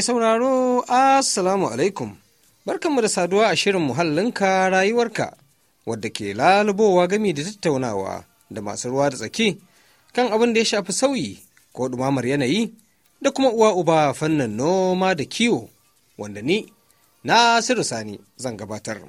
Mai sauraro, Assalamu alaikum. Barkanmu da saduwa a shirin muhallinka rayuwarka, wadda ke lalubowa gami da tattaunawa da masu ruwa da tsaki kan abin da ya shafi sauyi ko ɗumamar yanayi da kuma uwa uba fannin noma da kiwo, wanda ni, Nasiru Sani zan gabatar.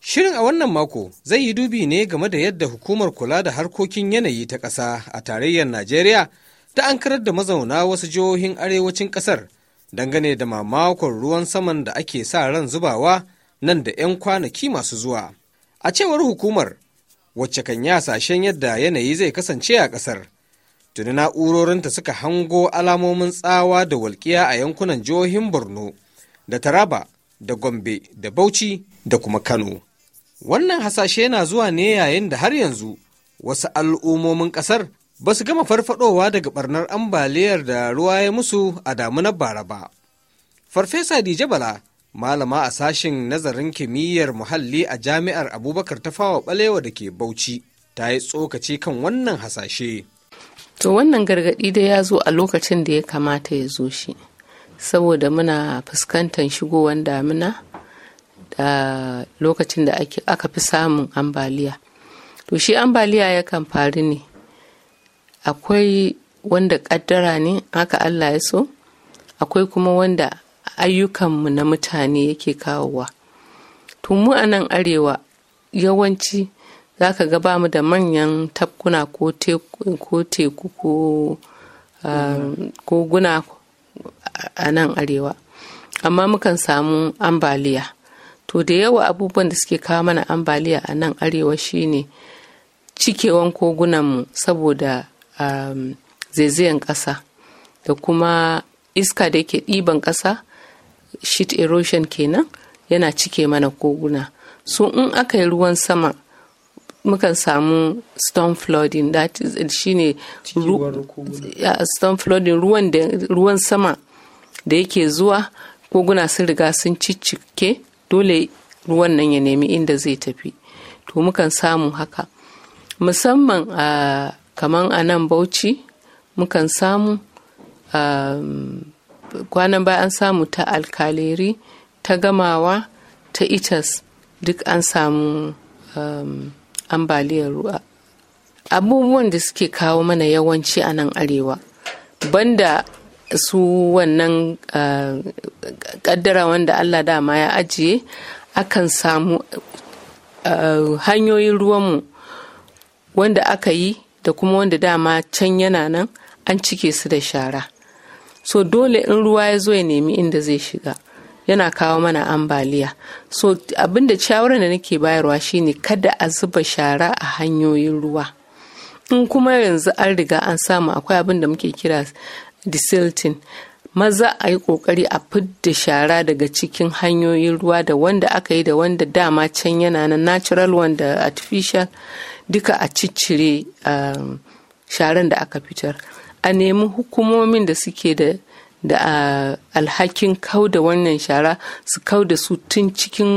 Shirin a wannan mako zai yi dubi ne game da yadda hukumar kula da harkokin yanayi ta ƙasa a tarayyar Najeriya ta ankarar da mazauna wasu jihohin arewacin ƙasar dangane da mamakon ruwan saman da ake sa ran zubawa nan da 'yan kwanaki masu zuwa. A cewar hukumar, wacce kan yi hasashen yadda yanayi zai kasance a ƙasar. Tuni na'urorinta suka hango alamomin tsawa da walƙiya a yankunan jihohin Borno da Taraba da Gombe da Bauchi da kuma Kano. Wannan hasashe yana zuwa ne yayin da har yanzu wasu al'ummomin ƙasar ba su gama farfadowa daga barnar ambaliyar da ruwa ya musu a damunar bara ba. Farfesa Dijabala, malama a sashen nazarin kimiyyar muhalli a jami'ar Abubakar ta Tafawa Balewa da ke Bauchi, ta yi tsokaci kan wannan hasashe. To wannan gargaɗi da ya zo a lokacin da ya kamata ya zo shi, saboda muna fuskantar shigowar damina da lokacin da aka fi samun ambaliya. To shi ambaliya yakan faru ne. akwai wanda kaddara ne haka Allah ya so akwai kuma wanda ayyukanmu na mutane yake kawowa to mu a nan arewa yawanci za ka ga bamu da manyan tafkuna ko teku ko koguna um, a nan arewa amma mukan samu ambaliya to da yawa abubuwan da suke kawo mana ambaliya a nan arewa shine cikewan kogunanmu saboda um, zaizayen ƙasa da kuma iska da yake ɗiban ƙasa shit erosion kenan yana cike mana koguna so in aka yi ruwan sama mukan samu storm flooding that is shine ru, yeah, flooding ruwan da ruwan sama da yake zuwa koguna sun riga sun ciccike dole ruwan nan ya nemi inda zai tafi to mukan samu haka musamman a ah, kamar a nan bauchi mukan samu um, kwanan baya an samu ta alkaleri ta gamawa ta itas duk an samu um, ambaliyar ruwa abubuwan da suke kawo mana yawanci a nan arewa banda su wannan kaddara uh, wanda allah dama ya ajiye akan samu uh, hanyoyin ruwanmu wanda aka yi da kuma wanda dama can yana nan an cike su da shara so dole in ruwa ya zo ya nemi inda zai shiga yana kawo mana ambaliya so abinda shawarar da nake bayarwa shine kada a zuba shara a hanyoyin ruwa in kuma yanzu an riga an samu akwai abin da muke kira desilting maza a yi kokari a fidda shara daga cikin hanyoyin ruwa da wanda aka yi da wanda dama can yana na natural wanda artificial duka a ciccire um, sharan da aka fitar a nemi hukumomin da suke da da uh, alhakin kau da wannan shara su kau da su tun cikin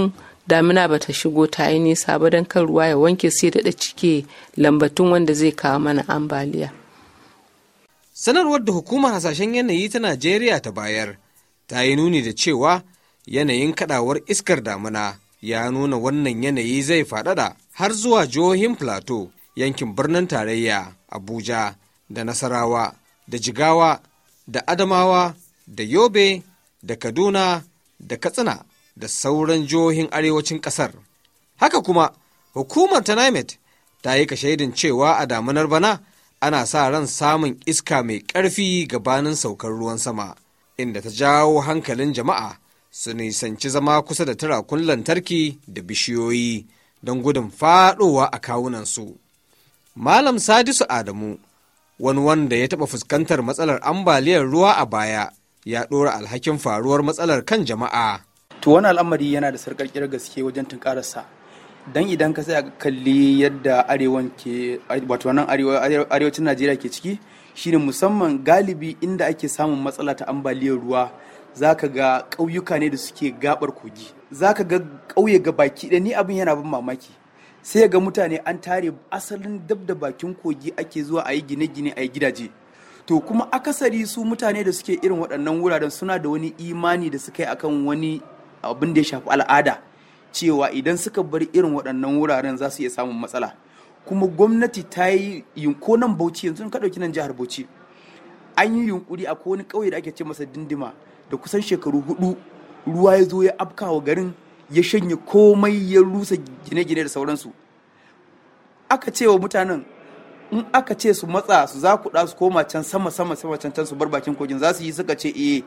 damina bata shigo ta yi nisa ba don kan ruwa ya wanke sai da cike lambatun wanda zai kawo mana ambaliya. Sanarwar da hukumar hasashen yanayi ta Najeriya ta bayar ta yi nuni da cewa yanayin kadawar iskar damina ya nuna wannan yanayi zai faɗaɗa har zuwa jihohin plateau yankin birnin tarayya abuja da nasarawa da jigawa da adamawa da yobe da kaduna da katsina da sauran jihohin arewacin kasar haka kuma hukumar tanimet ta yi shaidin cewa a damunar bana ana sa ran samun iska mai ƙarfi gabanin saukar ruwan sama inda ta jawo hankalin jama'a su nisanci zama kusa da turakun lantarki da bishiyoyi don gudun faɗowa a kawunansu. Malam Sadisu Adamu, wani wanda ya taɓa fuskantar matsalar ambaliyar ruwa a baya, ya ɗora alhakin faruwar matsalar kan jama'a. To wani al'amari yana da sarƙarƙiyar gaske wajen tunkararsa. don idan ka sai a kalli yadda arewan arewacin Najeriya ke ciki, shine musamman galibi inda ake samun matsala ta ambaliyar ruwa za ka ga ƙauyuka ne da suke gabar kogi za ka ga ƙauye ga baki ɗaya ni abin yana ban mamaki sai ga mutane an tare asalin dab da bakin kogi ake zuwa a yi gine-gine a yi gidaje to kuma akasari su mutane da suke irin waɗannan wuraren suna da wani imani da suka yi akan wani abin da ya shafi al'ada cewa idan suka bar irin waɗannan wuraren za su iya samun matsala kuma gwamnati ta yi yunko nan bauchi yanzu ka ɗauki nan jihar bauchi an yi yunkuri a wani ƙauye da ake ce masa dindima da kusan shekaru hudu ruwa ya zo ya afkawa garin ya shanye komai ya rusa gine-gine da sauransu aka ce wa mutanen in aka ce su matsa su za ku su koma can sama sama sama can can su bar bakin kogin za su yi suka ce eh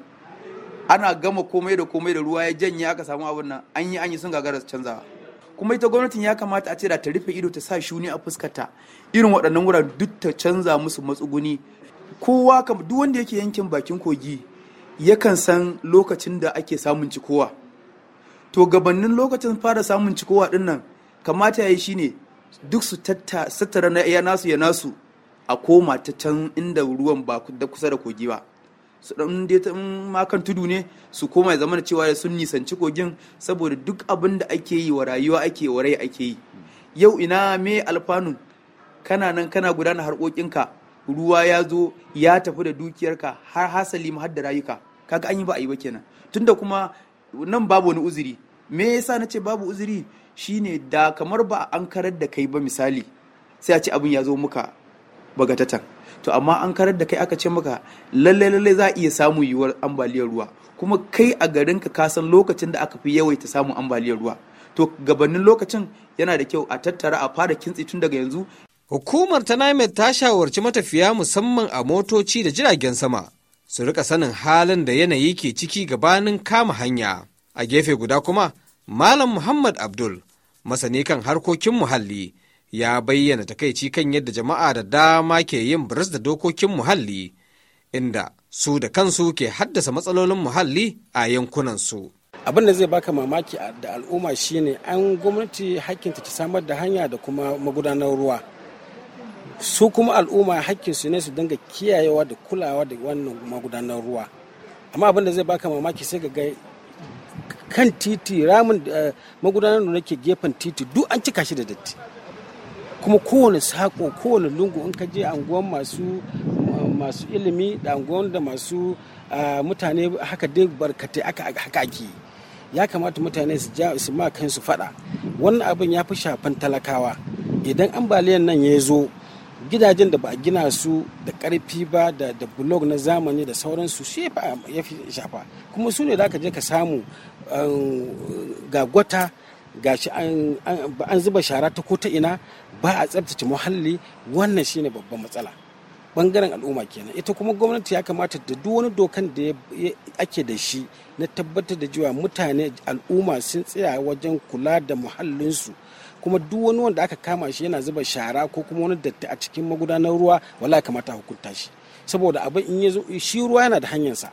ana gama komai da komai da ruwa ya janye aka samu abin nan an yi an yi sun gagara su canza. kuma ita gwamnatin ya kamata a ce da ta rufe ido ta sa shuni a ta irin waɗannan wuraren duk ta canza musu matsuguni kowa kam duk wanda yake yankin bakin kogi yakan san lokacin da ake samun cikowa to gabanin lokacin fara samun cikowa din nan kamata ya yi shine duk su tattara na iya nasu ya nasu a koma ta can inda ruwan ba da kusa da kogi ba su dan ta makan tudu ne su koma ya zamana cewa sun nisanci kogin saboda duk abin da ake yi wa rayuwa ake wa rai ake yi yau ina me alfanu kana nan kana gudana harkokinka ruwa ya zo ya tafi da dukiyarka har hasali har da rayuka kaga an yi ba a yi ba kenan tunda kuma nan babu wani uzuri me yasa na ce babu uzuri shine da kamar ba an karar da kai ba misali sai a ce abin ya zo muka bagatatan to amma an karar da kai aka ce maka lalle lalle za a iya samun yiwuwar ambaliyar ruwa kuma kai a garinka ka san lokacin da aka fi yawaita samun ambaliyar ruwa to gabanin lokacin yana da kyau a tattara a fara kintsi tun daga yanzu Hukumar ta NIMET ta shawarci matafiya musamman a motoci da jiragen sama su rika sanin halin da yanayi ke ciki gabanin kama hanya. A gefe guda kuma, Malam Muhammad Abdul, masani kan harkokin muhalli, ya bayyana takaici kan yadda jama'a da dama ke yin biris da dokokin muhalli, inda su da kansu ke haddasa matsalolin muhalli a yankunansu. abin da zai baka mamaki da al'umma shine an gwamnati hakkinta ta samar da hanya da kuma magudanar ruwa su kuma al'umma su ne su dinga kiyayewa da kulawa da wannan magudanar ruwa amma abinda zai baka mamaki sai ga kan titi ramin eh, magudanar ruwa ke gefen titi duk an cika shi da datti kuma kowane sako kowane lungu in ka je anguwan masu masu ilimi da anguwan da masu eh, mutane haka dai barkatai aka haka ake ya kamata mutane su ja su ma kansu fada wannan abin ya fi shafan talakawa idan ambaliyan nan ya zo gidajen da ba a gina su da karfi ba da da blog na zamani da sauransu shi ya fi shafa kuma su ne za ka je ka samu um, ga gwata shi an zuba shara ta ko ta ina ba a tsabtace muhalli wannan ne babban matsala bangaren al'umma kenan ita kuma gwamnati ya kamata da duk wani dokan da ake da shi na tabbatar da cewa mutane al'umma sun tsaya wajen kula da muhallinsu kuma duk wani wanda aka kama shi yana zuba shara ko kuma wani datti a cikin magudanar ruwa wala kamata hukunta shi saboda abin in ya shi ruwa yana da hanyarsa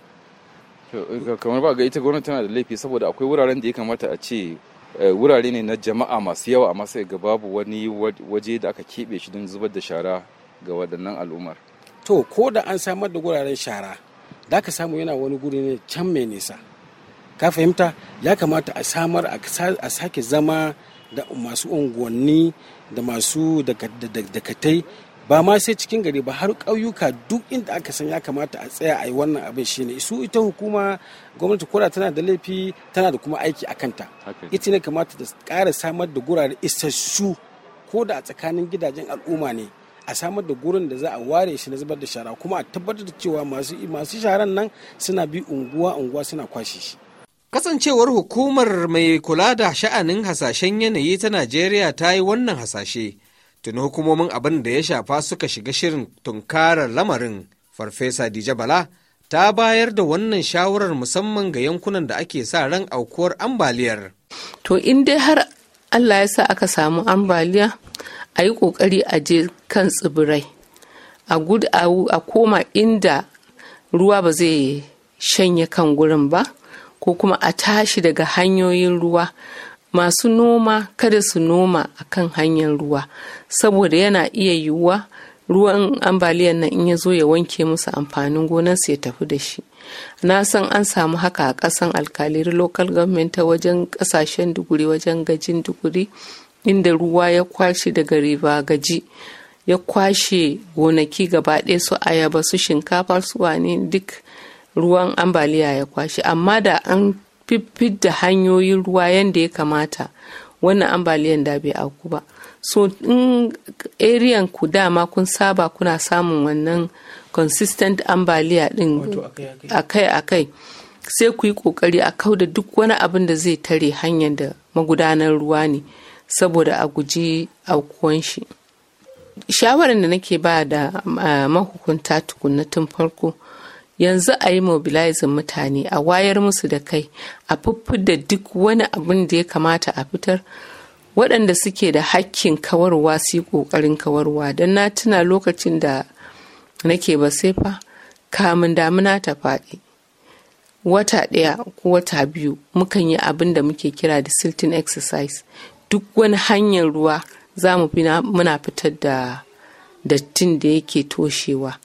kamar ba ga ita gwamnati tana da laifi saboda akwai wuraren da ya kamata a ce eh, wurare ne na jama'a masu yawa amma sai ga babu wani waje da aka keɓe shi don zubar da shara ga waɗannan al'ummar to ko da an samar da wuraren shara da ka samu yana wani guri ne can mai nisa ka fahimta ya kamata a samar a sake zama da masu unguwanni da masu dakatai ba ma sai cikin gari ba har ƙauyuka duk inda aka san ya kamata a tsaya a yi wannan abin ne su ita hukuma gwamnati koda tana da laifi tana da kuma aiki a kanta ita ne kamata da ƙara samar da gurare isassu ko da a tsakanin gidajen al'umma ne a samar da gurin da za a ware shi na zubar da shara kuma a tabbatar da cewa masu masu sharan nan suna bi unguwa unguwa suna kwashe shi Kasancewar hukumar mai kula da sha'anin hasashen yanayi ta Najeriya ta yi wannan hasashe, tuni hukumomin abin da ya shafa suka shiga shirin tunkarar lamarin. Farfesa Dija Bala ta bayar da wannan shawarar musamman ga yankunan da ake sa ran aukuwar ambaliyar. To in dai har Allah ya sa aka samu ambaliya, a yi ƙoƙari a je kan tsibirai, a koma inda ruwa ba zai shanye kan gurin ba. ko kuma a tashi daga hanyoyin ruwa masu noma kada su noma a kan hanyar ruwa saboda yana iya yiwuwa ruwan ambaliyan nan in ya zo ya wanke musu amfanin gonarsu ya tafi da shi na san an samu haka a ƙasan alkaliri local government ta wajen ƙasashen duguri wajen gajin duguri inda ruwa ya kwashe daga riba gaji ya kwashe gonaki gaba ɗaya su ayaba su shinkafa su wane duk ruwan ambaliya ya kwashe amma da an da hanyoyin ruwa yadda ya kamata wannan ambaliyan da bai auku ba so in ariyan ku dama kun saba kuna samun wannan consistent ambaliya din akai-akai sai ku yi kokari a kau da duk wani abin da zai tare hanyar da magudanar ruwa ne saboda a guji aukuwan shi shawarar da nake ba da ah, mahukunta tukunna tun farko yanzu a yi mobilizin mutane a wayar musu da kai a da duk wani abin da ya kamata a fitar waɗanda suke da hakkin kawarwa su yi ƙoƙarin kawarwa don na tuna lokacin da nake fa. kamun damuna ta faɗi wata ɗaya ko wata biyu mukan yi abin da muke kira da siltin exercise duk wani hanyar ruwa za mu fi muna fitar da dattin da yake toshewa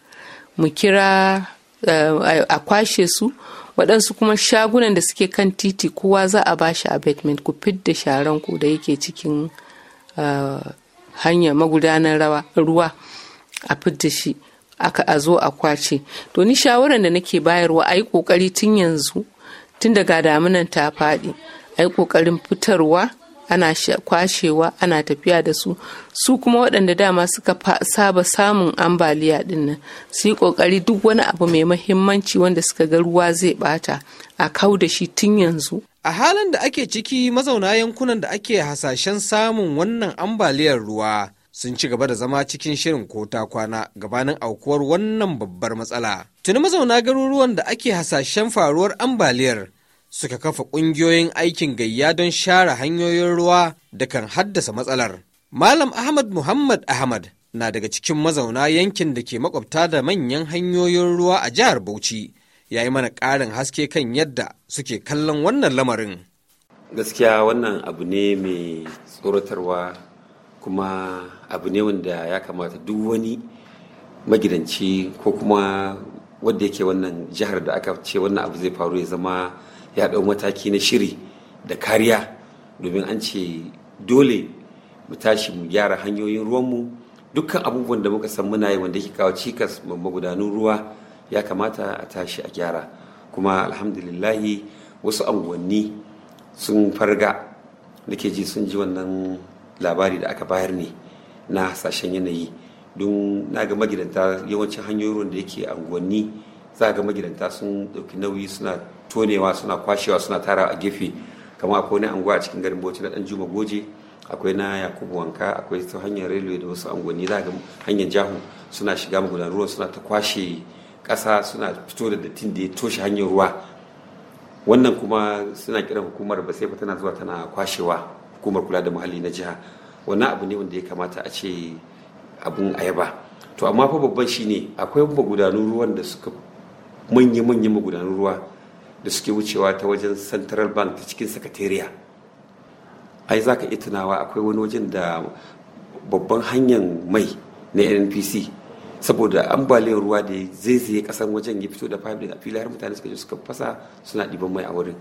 mu kira Um, a kwashe su waɗansu kuma shagunan da suke kan titi kowa za a ba bashi abatement ku fidda sharan ku da yake cikin uh, hanya magudanar ruwa a fidda shi aka a zo a kwace to ni shawaran da nake bayarwa a yi ƙoƙari tun yanzu tun daga damunan ta faɗi a yi ƙoƙarin fitarwa ana kwashewa ana tafiya da su su kuma waɗanda dama suka saba samun ambaliya ɗinnan nan su yi ƙoƙari duk wani abu mai mahimmanci wanda suka ga ruwa zai ɓata a kau da shi tun yanzu a halin da ake ciki mazauna yankunan da ake hasashen samun wannan ambaliyar ruwa sun ci gaba da zama cikin shirin ko ta kwana gabanin aukuwar wannan babbar matsala tuni mazauna garuruwan da ake hasashen faruwar ambaliyar suka kafa ƙungiyoyin aikin gayya don share hanyoyin ruwa da kan haddasa matsalar. Malam Ahmad Muhammad Ahmad na daga cikin mazauna yankin da ke makwabta da manyan hanyoyin ruwa a jihar Bauchi ya yi mana ƙarin haske kan yadda suke kallon wannan lamarin. Gaskiya wannan abu ne mai tsoratarwa kuma abu ne wanda ya kamata duk wani magidanci ko kuma wadda yake wannan jihar da aka ce wannan abu zai faru ya zama ya ɗau mataki na shiri da kariya domin an ce dole mu tashi mu gyara hanyoyin ruwanmu dukkan abubuwan da muka san muna yi wanda ke kawo cikas magudanun ruwa ya kamata a tashi a gyara kuma alhamdulillahi wasu anguwanni sun farga ke ji sun ji wannan labari da aka bayar ne na hasashen yanayi don na ga magidanta yawancin hanyoyin da yake anguwanni za ga magidanta sun ɗauki nauyi suna tonewa suna kwashewa suna tara a gefe kamar akwai wani anguwa a cikin garin bauchi na dan goje akwai na yakubu wanka akwai ta hanyar railway da wasu angoni za ga hanyar jahu suna shiga magudan ruwa suna ta kwashe kasa suna fito da dattin da ya toshe hanyar ruwa wannan kuma suna kiran hukumar ba sai tana zuwa tana kwashewa hukumar kula da muhalli na jiha wannan abu ne wanda ya kamata a ce abun ayaba to amma fa babban shine akwai magudanun ruwan da suka manya-manyan magudanun ruwa da suke wucewa ta wajen central bank ta cikin sakatariya ai za ka iya tunawa akwai wani wajen da babban hanyar mai na npc saboda ambaliyar ruwa da zaizaye kasar wajen ya fito da fahimta a fili har mutane suka je suka fasa suna ɗiban mai a wurin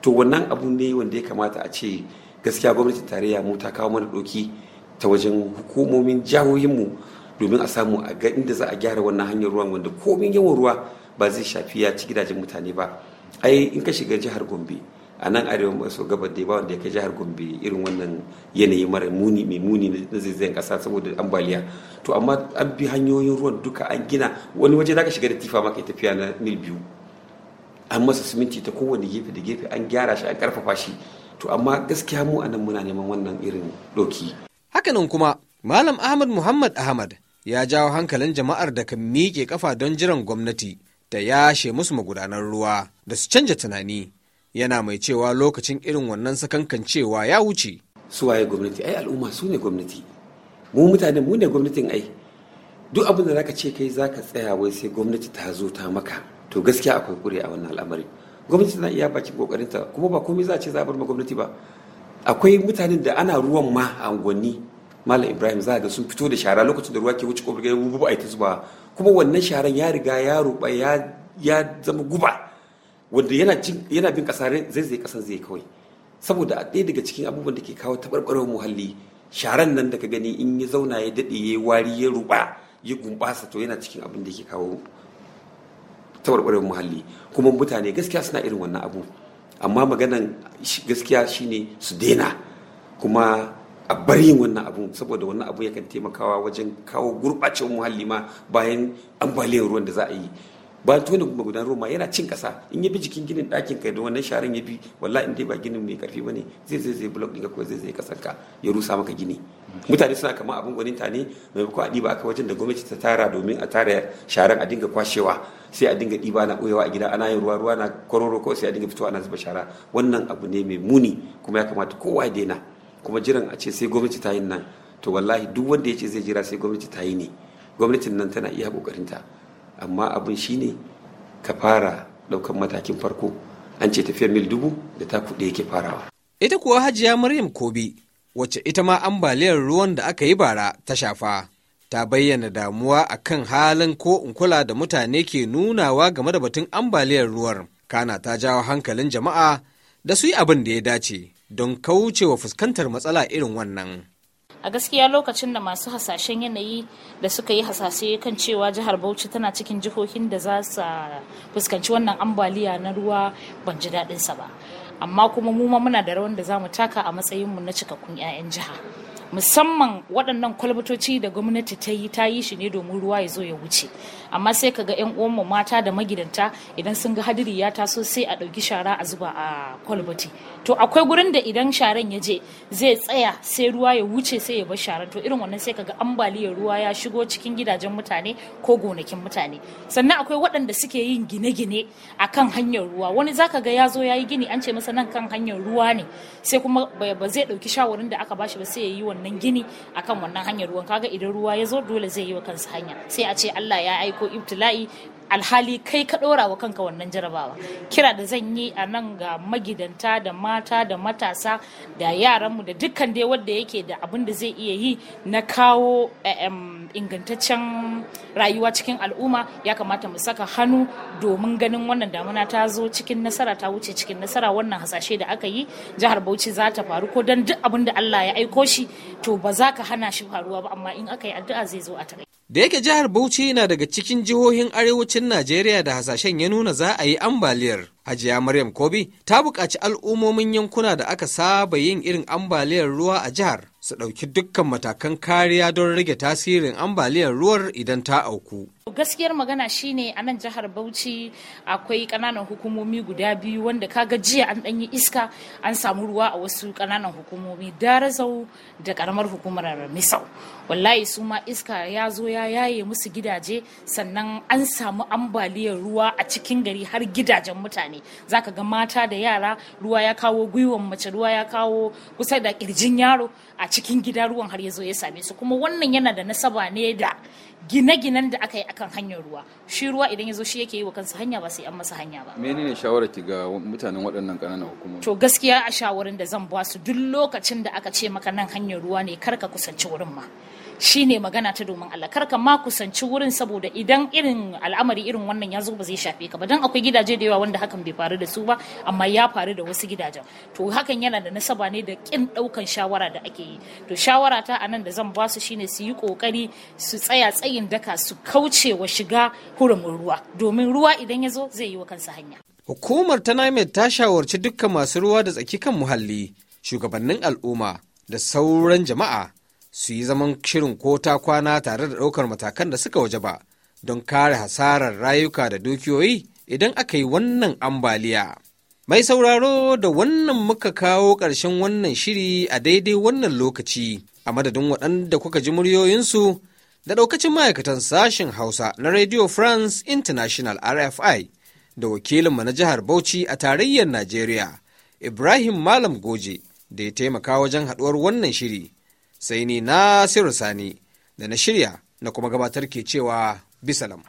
to wannan abu ne wanda ya kamata a ce gaskiya gwamnatin tarayya mu ta kawo mana doki ta wajen hukumomin jihohinmu domin a samu a ga inda za a gyara wannan hanyar ruwan wanda komin yawan ruwa ba zai shafi ya ci gidajen mutane ba ai in ka shiga jihar gombe a nan arewa maso gabar da ba wanda ya kai jihar gombe irin wannan yanayi mara muni mai muni na zaizayen kasa saboda ambaliya to amma an bi hanyoyin ruwan duka an gina wani waje zaka shiga da tifa ma kai tafiya na mil biyu an masa siminti ta kowane gefe da gefe an gyara shi an karfafa shi to amma gaskiya mu a nan muna neman wannan irin doki hakanan kuma malam ahmad muhammad ahmad ya jawo hankalin jama'ar da kan miƙe kafa don jiran gwamnati da yashe musu magudanar ruwa da su canja tunani yana mai cewa lokacin irin wannan sakankan cewa ya wuce. su waye gwamnati ai al'umma su ne gwamnati mu mutanen mu ne gwamnatin ai duk abin da zaka ce kai zaka tsaya wai sai gwamnati ta zo ta maka to gaskiya akwai kure a wannan al'amari gwamnati tana iya bakin kokarinta kuma ba komai za a ce za a bar ma gwamnati ba akwai mutanen da ana ruwan ma a unguwanni malam ibrahim za ga sun fito da shara lokacin da ruwa ke wuce kofar gidan bubu a ta zuba. kuma wannan sharan ya riga ya ruba ya zama guba wanda yana bin kasa zai zai kasa zai kawai saboda a ɗaya daga cikin abubuwan da ke kawo taɓarɓarar muhalli sharan nan da ka gani in ya zauna ya daɗe ya wari ya ruba ya gumbasa to yana cikin abin da ke kawo taɓarɓarar muhalli kuma mutane gaskiya suna irin wannan abu amma maganan gaskiya shine su daina kuma a bar yin wannan abun saboda wannan abu yakan taimakawa wajen kawo gurɓacewar muhalli ma bayan ambaliyar ruwan da za a yi bayan kuma magudanar ruwa yana cin ƙasa in ya bi jikin ginin ɗakin kai da wannan sharan ya bi wallahi in dai ba ginin mai ƙarfi bane zai zai zai block ɗin ko zai zai ƙasar ka ya rusa maka gini mutane suna kama abin ta ne maimakon a ɗiba aka wajen da gwamnati ta tara domin a tara sharan a dinga kwashewa sai a dinga ɗiba na ɓoyewa a gida ana yin ruwa ruwa na kororo ko sai a dinga fitowa ana zuba shara wannan abu ne mai muni kuma ya kamata kowa ya daina kuma jiran a ce sai gwamnati ta yi nan to wallahi duk wanda ya ce zai jira sai gwamnati ta yi ne gwamnatin nan tana iya kokarinta amma abin shine ka fara daukan matakin farko an ce tafiyar mil dubu da ta kuɗe yake farawa ita kuwa hajiya maryam kobi wacce ita ma ambaliyar ruwan da aka yi bara ta shafa ta bayyana damuwa akan halin ko in kula da mutane ke nunawa game da batun ambaliyar ruwar kana ta jawo hankalin jama'a da su yi abin da ya dace don wa fuskantar matsala irin wannan. a gaskiya lokacin da masu hasashen yanayi da suka yi hasashe kan cewa jihar bauchi tana cikin jihohin da za su fuskanci wannan ambaliya na ruwa ban ji daɗinsa ba amma kuma mu ma muna da rawan da za mu taka a matsayinmu na cikakkun 'ya'yan jiha musamman waɗannan kwalbatoci da gwamnati ta yi ta yi shi ne domin ruwa ya zo ya wuce amma sai kaga yan uwan mu mata da magidanta idan sun ga hadiri ya taso sai a ɗauki shara a zuba a kwalbati to akwai gurin da idan sharan ya je zai tsaya sai ruwa ya wuce sai ya bar sharan to irin wannan sai kaga ambaliyar ruwa ya shigo cikin gidajen mutane ko gonakin mutane sannan akwai waɗanda suke yin gine-gine a kan hanyar ruwa wani zaka ga ya zo ya yi gini an ce masa nan kan hanyar ruwa ne sai kuma ba zai ɗauki shawarin da aka bashi ba sai ya yi wannan gini akan wannan hanyar ruwan kaga idan ruwa ya zo dole zai yi wa kansa hanya sai a ce Allah ya aiko ko ibtila'i alhali kai ka ɗora wa kanka wannan jarabawa kira da zan yi a nan ga magidanta da mata da matasa da yaranmu da dukkan dai wanda yake da abin da zai iya yi na kawo eh, ingantaccen rayuwa cikin al'umma ya kamata mu saka hannu domin ganin wannan damuna ta zo cikin nasara ta wuce cikin nasara wannan hasashe da aka yi jihar bauchi za ta faru ko don duk abin da allah ya aiko shi to ba za ka hana shi faruwa ba amma in aka yi addu'a zai zo a takai da yake jihar bauchi na daga cikin jihohin arewacin najeriya da hasashen ya nuna za a yi ambaliyar hajiya maryam kobi ta buƙaci al'ummomin yankuna da aka saba yin irin ambaliyar ruwa a jihar su ɗauki dukkan matakan kariya don rage tasirin ambaliyar ruwar idan ta auku. gaskiyar magana shine a nan jihar bauchi akwai kananan hukumomi guda biyu wanda kaga jiya an ɗanyi iska an samu ruwa a wasu kananan hukumomi darazau da karamar hukumar misau wallahi su ma iska ya zo ya yaye musu gidaje sannan an samu ambaliyar ruwa a cikin gari har gidajen mutane zaka ga mata da yara ruwa ya kawo gwiwan mace ruwa ya kawo kusa da kirjin yaro a cikin gida ruwan har ya zo ya same su kuma wannan yana da nasaba ne da gine-ginen da aka yi akan hanyar ruwa shi ruwa idan ya zo shi yake yi wa kansa hanya ba sai an masa hanya ba menene shawarar ki ga mutanen waɗannan ƙananan hukumomi to gaskiya a shawarin da zan ba su duk lokacin da aka ce maka nan hanyar ruwa ne kar ka kusanci wurin ma shi ne magana ta domin Allah karka ma kusanci wurin saboda idan irin al'amari irin wannan ya zo ba zai shafe ka ba dan akwai gidaje da yawa wanda hakan bai faru da su ba amma ya faru da wasu gidajen to hakan yana da nasaba ne da kin daukan shawara da ake yi to shawara ta nan da zan ba su shine su yi kokari su tsaya tsayin daka su kauce wa shiga hurumin ruwa domin ruwa idan ya zo zai yi wa kansa hanya Hukumar ta ta shawarci dukkan masu ruwa da tsaki kan muhalli, shugabannin al'umma da sauran jama'a su yi zaman shirin ko ta kwana tare da ɗaukar matakan da suka waje ba don kare hasarar rayuka da dukiyoyi idan aka yi wannan ambaliya. Mai sauraro da wannan muka kawo ƙarshen wannan shiri a daidai wannan lokaci a madadin waɗanda kuka ji muryoyinsu da ɗaukacin ma'aikatan sashen Hausa na Radio France International RFI da wakilinmu na jihar Bauchi a tarayyar Najeriya, Ibrahim Malam Goje da ya taimaka wajen haɗuwar wannan shiri. sai ni na Sani da na shirya na kuma gabatar ke cewa bisalam.